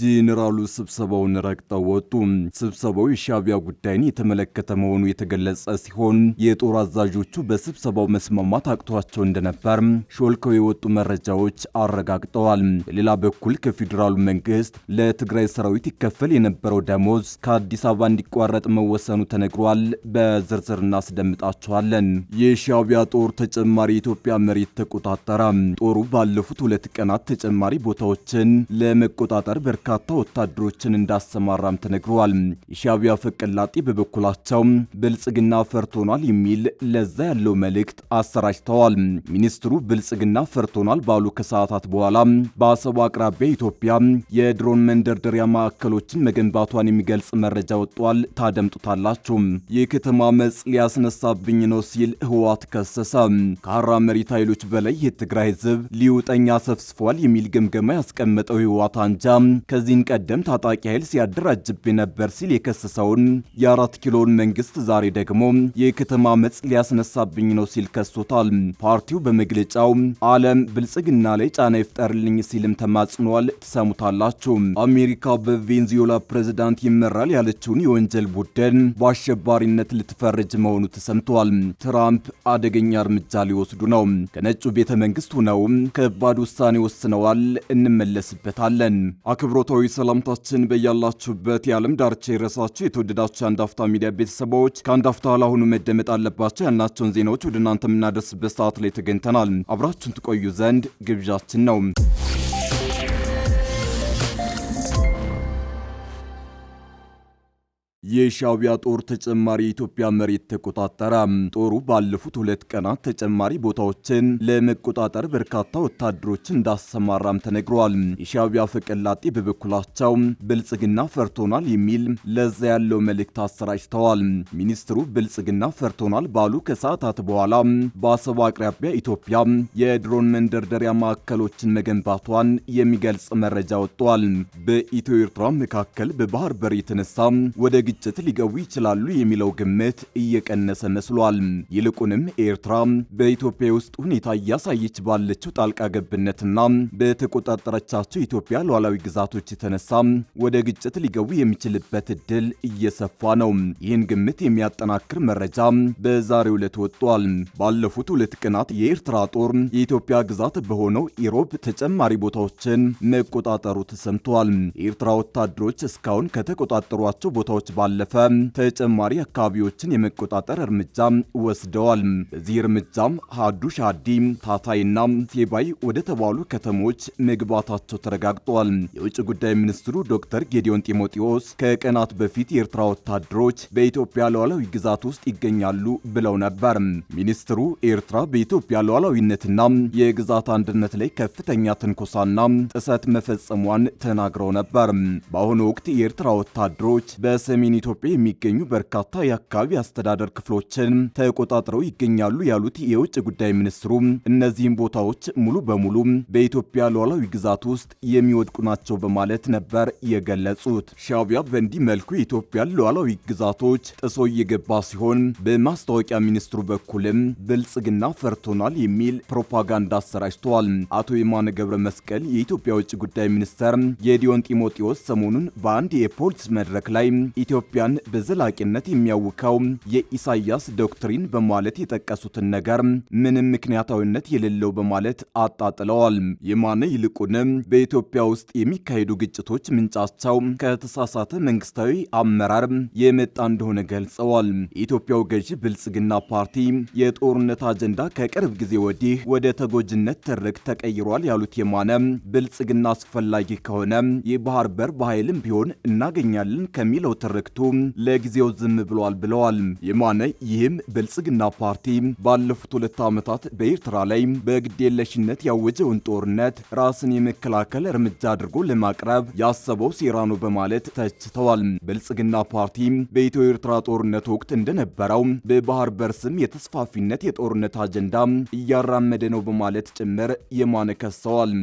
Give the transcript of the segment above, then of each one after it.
ጄኔራሉ ስብሰባውን ረግጠው ወጡ። ስብሰባው የሻቢያ ጉዳይን የተመለከተ መሆኑ የተገለጸ ሲሆን የጦር አዛዦቹ በስብሰባው መስማማት አቅቷቸው እንደነበር ሾልከው የወጡ መረጃዎች አረጋግጠዋል። በሌላ በኩል ከፌዴራሉ መንግስት ለትግራይ ሰራዊት ይከፈል የነበረው ደሞዝ ከአዲስ አበባ እንዲቋረጥ መወሰኑ ተነግሯል። በዝርዝር እናስደምጣቸዋለን። የሻቢያ ጦር ተጨማሪ የኢትዮጵያ መሬት ተቆጣጠረ። ጦሩ ባለፉት ሁለት ቀናት ተጨማሪ ቦታዎችን ለመቆጣጠር በርካታ በርካታ ወታደሮችን እንዳሰማራም ተነግረዋል። የሻቢያ ፈቀላጤ በበኩላቸው ብልጽግና ፈርቶናል የሚል ለዛ ያለው መልእክት አሰራጭተዋል። ሚኒስትሩ ብልጽግና ፈርቶናል ባሉ ከሰዓታት በኋላ በአሰቡ አቅራቢያ ኢትዮጵያ የድሮን መንደርደሪያ ማዕከሎችን መገንባቷን የሚገልጽ መረጃ ወጥቷል። ታደምጡታላችሁ። የከተማ መጽ ሊያስነሳብኝ ነው ሲል ህወሓት ከሰሰ። ከሀራ መሬት ኃይሎች በላይ የትግራይ ህዝብ ሊውጠኛ ሰፍስፏል የሚል ግምገማ ያስቀመጠው ህወሓት አንጃ ከዚህን ቀደም ታጣቂ ኃይል ሲያደራጅብኝ ነበር ሲል የከሰሰውን የአራት ኪሎን መንግስት ዛሬ ደግሞ የከተማ መጽ ሊያስነሳብኝ ነው ሲል ከሶታል። ፓርቲው በመግለጫው ዓለም ብልጽግና ላይ ጫና ይፍጠርልኝ ሲልም ተማጽኗል። ትሰሙታላችሁ። አሜሪካ በቬንዙዌላ ፕሬዝዳንት ይመራል ያለችውን የወንጀል ቡድን በአሸባሪነት ልትፈርጅ መሆኑ ተሰምቷል። ትራምፕ አደገኛ እርምጃ ሊወስዱ ነው። ከነጩ ቤተ መንግስት ሆነው ከባድ ውሳኔ ወስነዋል። እንመለስበታለን። አክብሮ አክብሮታዊ ሰላምታችን በያላችሁበት የዓለም ዳርቻ የረሳችሁ የተወደዳችሁ አንድ አፍታ ሚዲያ ቤተሰቦች ከአንድ አፍታ ለአሁኑ መደመጥ አለባቸው ያልናቸውን ዜናዎች ወደ እናንተ የምናደርስበት ሰዓት ላይ ተገኝተናል። አብራችሁን ትቆዩ ዘንድ ግብዣችን ነው። የሻቢያ ጦር ተጨማሪ የኢትዮጵያ መሬት ተቆጣጠረ። ጦሩ ባለፉት ሁለት ቀናት ተጨማሪ ቦታዎችን ለመቆጣጠር በርካታ ወታደሮችን እንዳሰማራም ተነግሯል። የሻዕቢያ ፈቀላጤ በበኩላቸው ብልጽግና ፈርቶናል የሚል ለዛ ያለው መልእክት አሰራጭተዋል። ሚኒስትሩ ብልጽግና ፈርቶናል ባሉ ከሰዓታት በኋላ በአሰብ አቅራቢያ ኢትዮጵያ የድሮን መንደርደሪያ ማዕከሎችን መገንባቷን የሚገልጽ መረጃ ወጥቷል። በኢትዮ ኤርትራ መካከል በባህር በር የተነሳ ወደ ግጭ ግጭት ሊገቡ ይችላሉ የሚለው ግምት እየቀነሰ መስሏል። ይልቁንም ኤርትራ በኢትዮጵያ ውስጥ ሁኔታ እያሳየች ባለችው ጣልቃ ገብነትና በተቆጣጠረቻቸው ኢትዮጵያ ሉዓላዊ ግዛቶች የተነሳ ወደ ግጭት ሊገቡ የሚችልበት እድል እየሰፋ ነው። ይህን ግምት የሚያጠናክር መረጃ በዛሬው ዕለት ወጥቷል። ባለፉት ሁለት ቀናት የኤርትራ ጦር የኢትዮጵያ ግዛት በሆነው ኢሮብ ተጨማሪ ቦታዎችን መቆጣጠሩ ተሰምቷል። የኤርትራ ወታደሮች እስካሁን ከተቆጣጠሯቸው ቦታዎች ባለፈ ተጨማሪ አካባቢዎችን የመቆጣጠር እርምጃ ወስደዋል። በዚህ እርምጃም ሀዱ ሻዲ፣ ታታይና ሴባይ ወደ ተባሉ ከተሞች መግባታቸው ተረጋግጧል። የውጭ ጉዳይ ሚኒስትሩ ዶክተር ጌዲዮን ጢሞቴዎስ ከቀናት በፊት የኤርትራ ወታደሮች በኢትዮጵያ ሉዓላዊ ግዛት ውስጥ ይገኛሉ ብለው ነበር። ሚኒስትሩ ኤርትራ በኢትዮጵያ ሉዓላዊነትና የግዛት አንድነት ላይ ከፍተኛ ትንኮሳና ጥሰት መፈጸሟን ተናግረው ነበር። በአሁኑ ወቅት የኤርትራ ወታደሮች በሰሜን በሰሜን ኢትዮጵያ የሚገኙ በርካታ የአካባቢ አስተዳደር ክፍሎችን ተቆጣጥረው ይገኛሉ ያሉት የውጭ ጉዳይ ሚኒስትሩ እነዚህም ቦታዎች ሙሉ በሙሉ በኢትዮጵያ ሉዓላዊ ግዛት ውስጥ የሚወድቁ ናቸው በማለት ነበር የገለጹት። ሻቢያ በእንዲህ መልኩ የኢትዮጵያን ሉዓላዊ ግዛቶች ጥሶ እየገባ ሲሆን በማስታወቂያ ሚኒስትሩ በኩልም ብልጽግና ፈርቶናል የሚል ፕሮፓጋንዳ አሰራጭተዋል። አቶ የማነ ገብረ መስቀል የኢትዮጵያ ውጭ ጉዳይ ሚኒስተር ጌዲዮን ጢሞቴዎስ ሰሞኑን በአንድ የፖሊስ መድረክ ላይ ኢትዮ ኢትዮጵያን በዘላቂነት የሚያውካው የኢሳያስ ዶክትሪን በማለት የጠቀሱትን ነገር ምንም ምክንያታዊነት የሌለው በማለት አጣጥለዋል። የማነ ይልቁንም በኢትዮጵያ ውስጥ የሚካሄዱ ግጭቶች ምንጫቸው ከተሳሳተ መንግስታዊ አመራር የመጣ እንደሆነ ገልጸዋል። የኢትዮጵያው ገዢ ብልጽግና ፓርቲ የጦርነት አጀንዳ ከቅርብ ጊዜ ወዲህ ወደ ተጎጂነት ትርክ ተቀይሯል ያሉት የማነ ብልጽግና አስፈላጊ ከሆነ የባህር በር በኃይልም ቢሆን እናገኛለን ከሚለው ትርክ በወቅቱ ለጊዜው ዝም ብሏል ብለዋል የማነ። ይህም ብልጽግና ፓርቲ ባለፉት ሁለት ዓመታት በኤርትራ ላይ በግዴለሽነት ያወጀውን ጦርነት ራስን የመከላከል እርምጃ አድርጎ ለማቅረብ ያሰበው ሴራ ነው በማለት ተችተዋል። ብልጽግና ፓርቲ በኢትዮ ኤርትራ ጦርነት ወቅት እንደነበረው በባህር በር ስም የተስፋፊነት የጦርነት አጀንዳ እያራመደ ነው በማለት ጭምር የማነ ከሰዋል።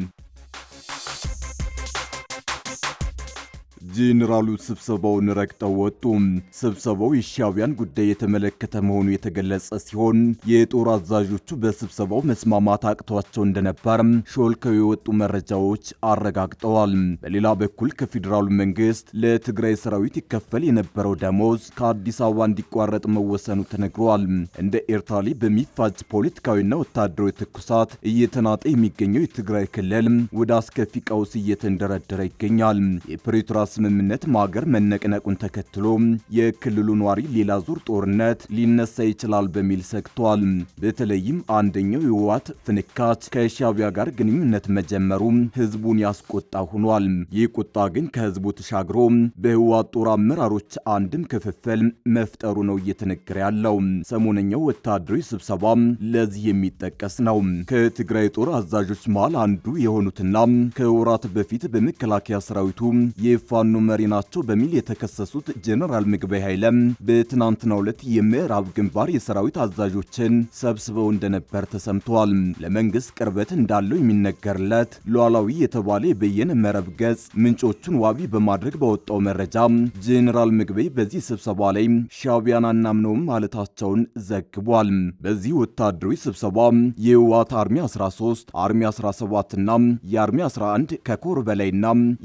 ጄኔራሉ ስብሰባውን ረግጠው ወጡ። ስብሰባው የሻዕቢያን ጉዳይ የተመለከተ መሆኑ የተገለጸ ሲሆን የጦር አዛዦቹ በስብሰባው መስማማት አቅቷቸው እንደነበር ሾልከው የወጡ መረጃዎች አረጋግጠዋል። በሌላ በኩል ከፌዴራሉ መንግስት ለትግራይ ሰራዊት ይከፈል የነበረው ደሞዝ ከአዲስ አበባ እንዲቋረጥ መወሰኑ ተነግሯል። እንደ ኤርታሌ በሚፋጅ ፖለቲካዊና ወታደራዊ ትኩሳት እየተናጠ የሚገኘው የትግራይ ክልል ወደ አስከፊ ቀውስ እየተንደረደረ ይገኛል። የፕሪቶሪያ ስምምነት ማገር መነቅነቁን ተከትሎ የክልሉ ነዋሪ ሌላ ዙር ጦርነት ሊነሳ ይችላል በሚል ሰግቷል። በተለይም አንደኛው የህወሓት ፍንካች ከሻቢያ ጋር ግንኙነት መጀመሩ ህዝቡን ያስቆጣ ሆኗል። ይህ ቁጣ ግን ከህዝቡ ተሻግሮ በህወሓት ጦር አመራሮች አንድም ክፍፍል መፍጠሩ ነው እየተነገረ ያለው። ሰሞነኛው ወታደራዊ ስብሰባ ለዚህ የሚጠቀስ ነው። ከትግራይ ጦር አዛዦች መሃል አንዱ የሆኑትና ከወራት በፊት በመከላከያ ሰራዊቱ የፋ ፋኖ መሪ ናቸው በሚል የተከሰሱት ጀነራል ምግበይ ኃይለም በትናንትናው ዕለት የምዕራብ ግንባር የሰራዊት አዛዦችን ሰብስበው እንደነበር ተሰምተዋል። ለመንግስት ቅርበት እንዳለው የሚነገርለት ሉዓላዊ የተባለ የበየነ መረብ ገጽ ምንጮቹን ዋቢ በማድረግ በወጣው መረጃ ጀነራል ምግበይ በዚህ ስብሰባ ላይ ሻዕቢያን አናምነውም ማለታቸውን ዘግቧል። በዚህ ወታደራዊ ስብሰባ የህወሓት አርሚ 13 አርሚ 17 እና የአርሚ 11 ከኮር በላይና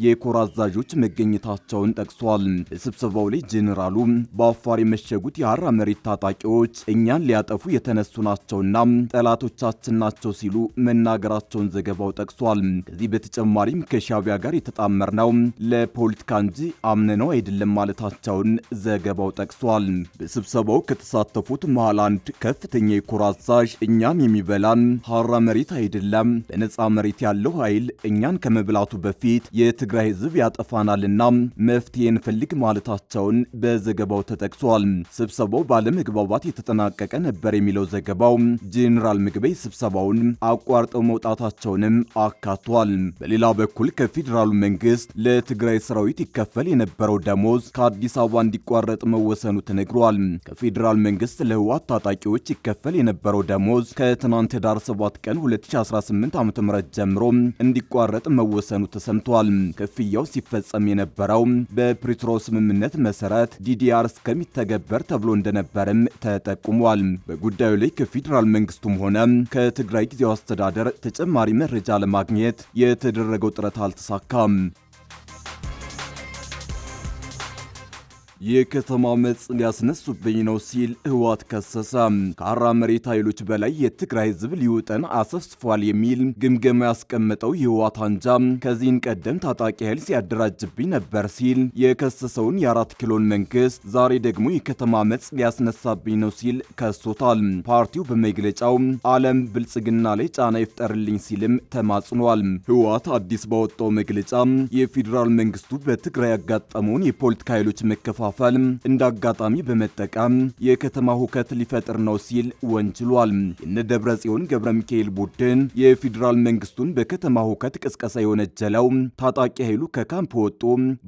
የኮር አዛዦች መገኘ መገኘታቸውን ጠቅሷል። በስብሰባው ላይ ጄኔራሉ በአፋር የመሸጉት የሐራ መሬት ታጣቂዎች እኛን ሊያጠፉ የተነሱ ናቸውና ጠላቶቻችን ናቸው ሲሉ መናገራቸውን ዘገባው ጠቅሷል። ከዚህ በተጨማሪም ከሻቢያ ጋር የተጣመርነው ለፖለቲካ እንጂ አምነነው አይደለም ማለታቸውን ዘገባው ጠቅሷል። በስብሰባው ከተሳተፉት መሃል አንድ ከፍተኛ የኮር አዛዥ እኛን የሚበላን ሐራ መሬት አይደለም፣ በነፃ መሬት ያለው ኃይል እኛን ከመብላቱ በፊት የትግራይ ህዝብ ያጠፋናልና እንወያይና መፍትሄ እንፈልግ ማለታቸውን በዘገባው ተጠቅሷል። ስብሰባው ባለመግባባት የተጠናቀቀ ነበር የሚለው ዘገባው ጄኔራል ምግበይ ስብሰባውን አቋርጠው መውጣታቸውንም አካቷል። በሌላ በኩል ከፌዴራሉ መንግስት ለትግራይ ሰራዊት ይከፈል የነበረው ደሞዝ ከአዲስ አበባ እንዲቋረጥ መወሰኑ ተነግሯል። ከፌዴራል መንግስት ለህወሓት ታጣቂዎች ይከፈል የነበረው ደሞዝ ከትናንት ዳር 7 ቀን 2018 ዓ.ም ጀምሮ እንዲቋረጥ መወሰኑ ተሰምቷል። ክፍያው ሲፈጸም የነበ የነበረው በፕሪትሮ ስምምነት መሰረት ዲዲአር እስከሚተገበር ተብሎ እንደነበርም ተጠቁሟል። በጉዳዩ ላይ ከፌዴራል መንግስቱም ሆነ ከትግራይ ጊዜያዊ አስተዳደር ተጨማሪ መረጃ ለማግኘት የተደረገው ጥረት አልተሳካም። የከተማ አመጽን ሊያስነሱብኝ ነው ሲል ህወሓት ከሰሰ። ከአራ መሬት ኃይሎች በላይ የትግራይ ህዝብ ሊውጠን አሰፍስፏል የሚል ግምገማ ያስቀመጠው የህወሓት አንጃ ከዚህን ቀደም ታጣቂ ኃይል ሲያደራጅብኝ ነበር ሲል የከሰሰውን የአራት ኪሎን መንግስት ዛሬ ደግሞ የከተማ መጽ ሊያስነሳብኝ ነው ሲል ከሶታል። ፓርቲው በመግለጫው ዓለም ብልጽግና ላይ ጫና ይፍጠርልኝ ሲልም ተማጽኗል። ህወሓት አዲስ ባወጣው መግለጫ የፌዴራል መንግስቱ በትግራይ ያጋጠመውን የፖለቲካ ኃይሎች መከፋ መከፋፈል እንደ አጋጣሚ በመጠቀም የከተማ ሁከት ሊፈጥር ነው ሲል ወንጅሏል። የነ ደብረ ጽዮን ገብረ ሚካኤል ቡድን የፌዴራል መንግስቱን በከተማ ሁከት ቅስቀሳ የወነጀለው ታጣቂ ኃይሉ ከካምፕ ወጡ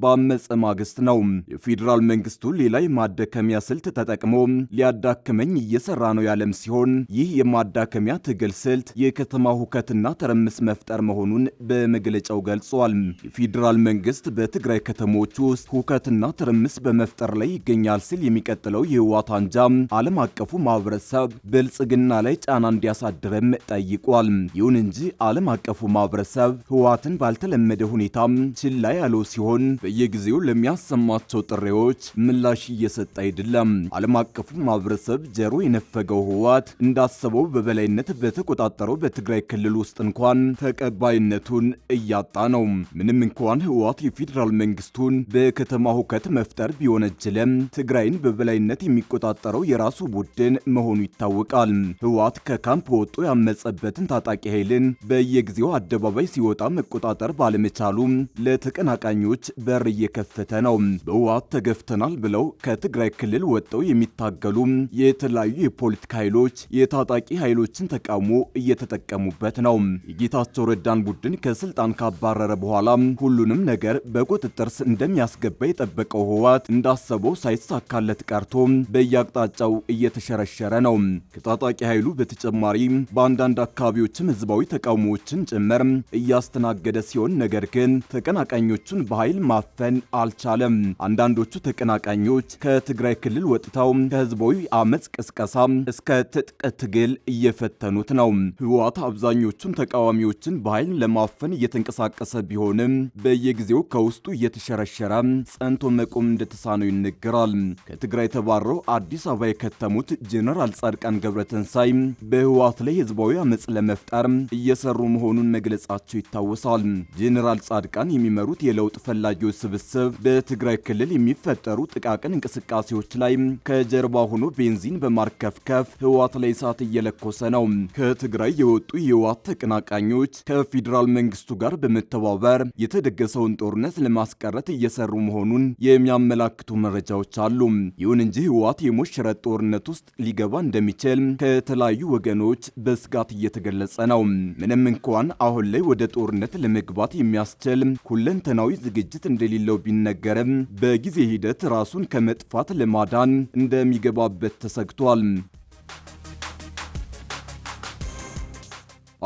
በአመፀ ማግስት ነው። የፌዴራል መንግስቱ ሌላ የማዳከሚያ ስልት ተጠቅሞ ሊያዳክመኝ እየሰራ ነው ያለም ሲሆን ይህ የማዳከሚያ ትግል ስልት የከተማ ሁከትና ተረምስ መፍጠር መሆኑን በመግለጫው ገልጿል። የፌዴራል መንግስት በትግራይ ከተሞች ውስጥ ሁከትና ትርምስ በመ በመፍጠር ላይ ይገኛል ሲል የሚቀጥለው የህወሓት አንጃ ዓለም አቀፉ ማህበረሰብ ብልጽግና ላይ ጫና እንዲያሳድርም ጠይቋል። ይሁን እንጂ ዓለም አቀፉ ማህበረሰብ ህወሓትን ባልተለመደ ሁኔታ ችላ ያለው ሲሆን በየጊዜው ለሚያሰማቸው ጥሪዎች ምላሽ እየሰጠ አይደለም። ዓለም አቀፉ ማህበረሰብ ጀሮ የነፈገው ህወሓት እንዳሰበው በበላይነት በተቆጣጠረው በትግራይ ክልል ውስጥ እንኳን ተቀባይነቱን እያጣ ነው። ምንም እንኳን ህወሓት የፌዴራል መንግስቱን በከተማ ሁከት መፍጠር ቢሆን እየወነጀለም ትግራይን በበላይነት የሚቆጣጠረው የራሱ ቡድን መሆኑ ይታወቃል። ህወሓት ከካምፕ ወጦ ያመጸበትን ታጣቂ ኃይልን በየጊዜው አደባባይ ሲወጣ መቆጣጠር ባለመቻሉ ለተቀናቃኞች በር እየከፈተ ነው። በህወሓት ተገፍተናል ብለው ከትግራይ ክልል ወጥተው የሚታገሉ የተለያዩ የፖለቲካ ኃይሎች የታጣቂ ኃይሎችን ተቃውሞ እየተጠቀሙበት ነው። የጌታቸው ረዳን ቡድን ከስልጣን ካባረረ በኋላ ሁሉንም ነገር በቁጥጥር እንደሚያስገባ የጠበቀው ህወሓት እንደ እንዳሰበው ሳይሳካለት ቀርቶ በየአቅጣጫው እየተሸረሸረ ነው። ከታጣቂ ኃይሉ በተጨማሪ በአንዳንድ አካባቢዎችም ህዝባዊ ተቃውሞዎችን ጭምር እያስተናገደ ሲሆን ነገር ግን ተቀናቃኞቹን በኃይል ማፈን አልቻለም። አንዳንዶቹ ተቀናቃኞች ከትግራይ ክልል ወጥተው ከህዝባዊ አመፅ ቅስቀሳ እስከ ትጥቅ ትግል እየፈተኑት ነው። ህወሓት አብዛኞቹን ተቃዋሚዎችን በኃይል ለማፈን እየተንቀሳቀሰ ቢሆንም በየጊዜው ከውስጡ እየተሸረሸረ ጸንቶ መቆም እንደተሳ ነው ይነገራል። ከትግራይ ተባረው አዲስ አበባ የከተሙት ጀነራል ጻድቃን ገብረተንሳይ በህወሓት ላይ ህዝባዊ አመፅ ለመፍጠር እየሰሩ መሆኑን መግለጻቸው ይታወሳል። ጀነራል ጻድቃን የሚመሩት የለውጥ ፈላጊዎች ስብስብ በትግራይ ክልል የሚፈጠሩ ጥቃቅን እንቅስቃሴዎች ላይ ከጀርባ ሆኖ ቤንዚን በማርከፍከፍ ህወሓት ላይ እሳት እየለኮሰ ነው። ከትግራይ የወጡ የህወሓት ተቀናቃኞች ከፌዴራል መንግስቱ ጋር በመተባበር የተደገሰውን ጦርነት ለማስቀረት እየሰሩ መሆኑን የሚያመላክቱ የሚያመለክቱ መረጃዎች አሉ። ይሁን እንጂ ህወሓት የሞሽረት ጦርነት ውስጥ ሊገባ እንደሚችል ከተለያዩ ወገኖች በስጋት እየተገለጸ ነው። ምንም እንኳን አሁን ላይ ወደ ጦርነት ለመግባት የሚያስችል ሁለንተናዊ ዝግጅት እንደሌለው ቢነገርም በጊዜ ሂደት ራሱን ከመጥፋት ለማዳን እንደሚገባበት ተሰግቷል።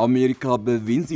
አሜሪካ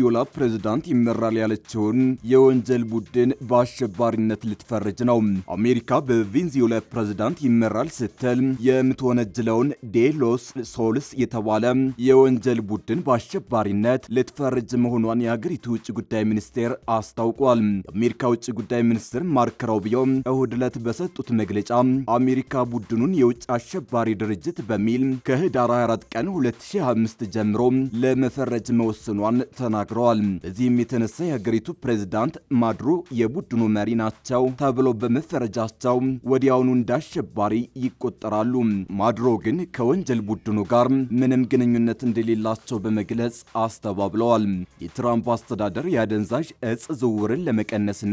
ዮላ ፕሬዝዳንት ይመራል ያለችውን የወንጀል ቡድን በአሸባሪነት ልትፈርጅ ነው። አሜሪካ በቬንዙዌላ ፕሬዝዳንት ይመራል ስትል የምትወነጅለውን ዴሎስ ሶልስ የተባለ የወንጀል ቡድን በአሸባሪነት ልትፈርጅ መሆኗን የሀገሪቱ ውጭ ጉዳይ ሚኒስቴር አስታውቋል። የአሜሪካ ውጭ ጉዳይ ሚኒስትር ማርክ ሩቢዮ እሁድ ዕለት በሰጡት መግለጫ አሜሪካ ቡድኑን የውጭ አሸባሪ ድርጅት በሚል ከህዳር 24 ቀን 2025 ጀምሮ ለመፈረጅ ለማዘጋጀት መወሰኗን ተናግረዋል። በዚህም የተነሳ የሀገሪቱ ፕሬዝዳንት ማድሮ የቡድኑ መሪ ናቸው ተብሎ በመፈረጃቸው ወዲያውኑ እንደ አሸባሪ ይቆጠራሉ። ማድሮ ግን ከወንጀል ቡድኑ ጋር ምንም ግንኙነት እንደሌላቸው በመግለጽ አስተባብለዋል። የትራምፕ አስተዳደር የአደንዛዥ እጽ ዝውውርን ለመቀነስና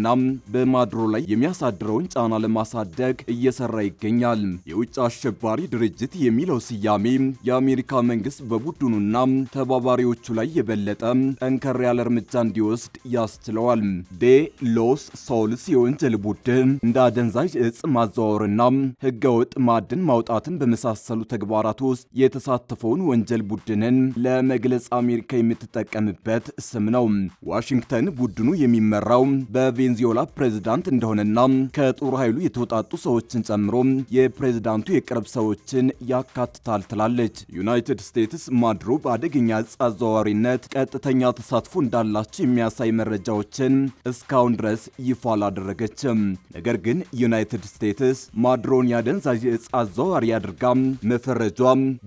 በማድሮ ላይ የሚያሳድረውን ጫና ለማሳደግ እየሰራ ይገኛል። የውጭ አሸባሪ ድርጅት የሚለው ስያሜ የአሜሪካ መንግስት በቡድኑና ተባባሪዎቹ ላይ ላይ የበለጠ ጠንከር ያለ እርምጃ እንዲወስድ ያስችለዋል። ዴ ሎስ ሶልስ የወንጀል ቡድን እንደ አደንዛዥ እጽ ማዘዋወርና ህገወጥ ማዕድን ማውጣትን በመሳሰሉ ተግባራት ውስጥ የተሳተፈውን ወንጀል ቡድንን ለመግለጽ አሜሪካ የምትጠቀምበት ስም ነው። ዋሽንግተን ቡድኑ የሚመራው በቬንዙዌላ ፕሬዝዳንት እንደሆነና ከጦር ኃይሉ የተውጣጡ ሰዎችን ጨምሮ የፕሬዝዳንቱ የቅርብ ሰዎችን ያካትታል ትላለች። ዩናይትድ ስቴትስ ማድሮ በአደገኛ እጽ አዘዋዋሪ ተባባሪነት ቀጥተኛ ተሳትፎ እንዳላቸው የሚያሳይ መረጃዎችን እስካሁን ድረስ ይፋ አላደረገችም። ነገር ግን ዩናይትድ ስቴትስ ማድሮን የአደንዛዥ እጽ አዘዋዋሪ አድርጋ መፈረጇ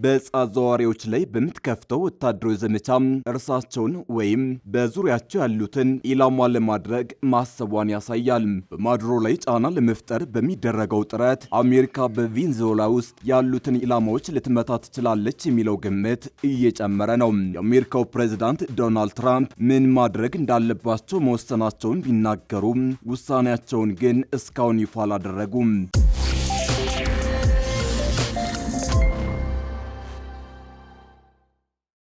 በእጽ አዘዋዋሪዎች ላይ በምትከፍተው ወታደራዊ ዘመቻ እርሳቸውን ወይም በዙሪያቸው ያሉትን ኢላማ ለማድረግ ማሰቧን ያሳያል። በማድሮ ላይ ጫና ለመፍጠር በሚደረገው ጥረት አሜሪካ በቬንዙዌላ ውስጥ ያሉትን ኢላማዎች ልትመታ ትችላለች የሚለው ግምት እየጨመረ ነው። የአሜሪካው ፕሬዚዳንት ዶናልድ ትራምፕ ምን ማድረግ እንዳለባቸው መወሰናቸውን ቢናገሩም ውሳኔያቸውን ግን እስካሁን ይፋ አላደረጉም።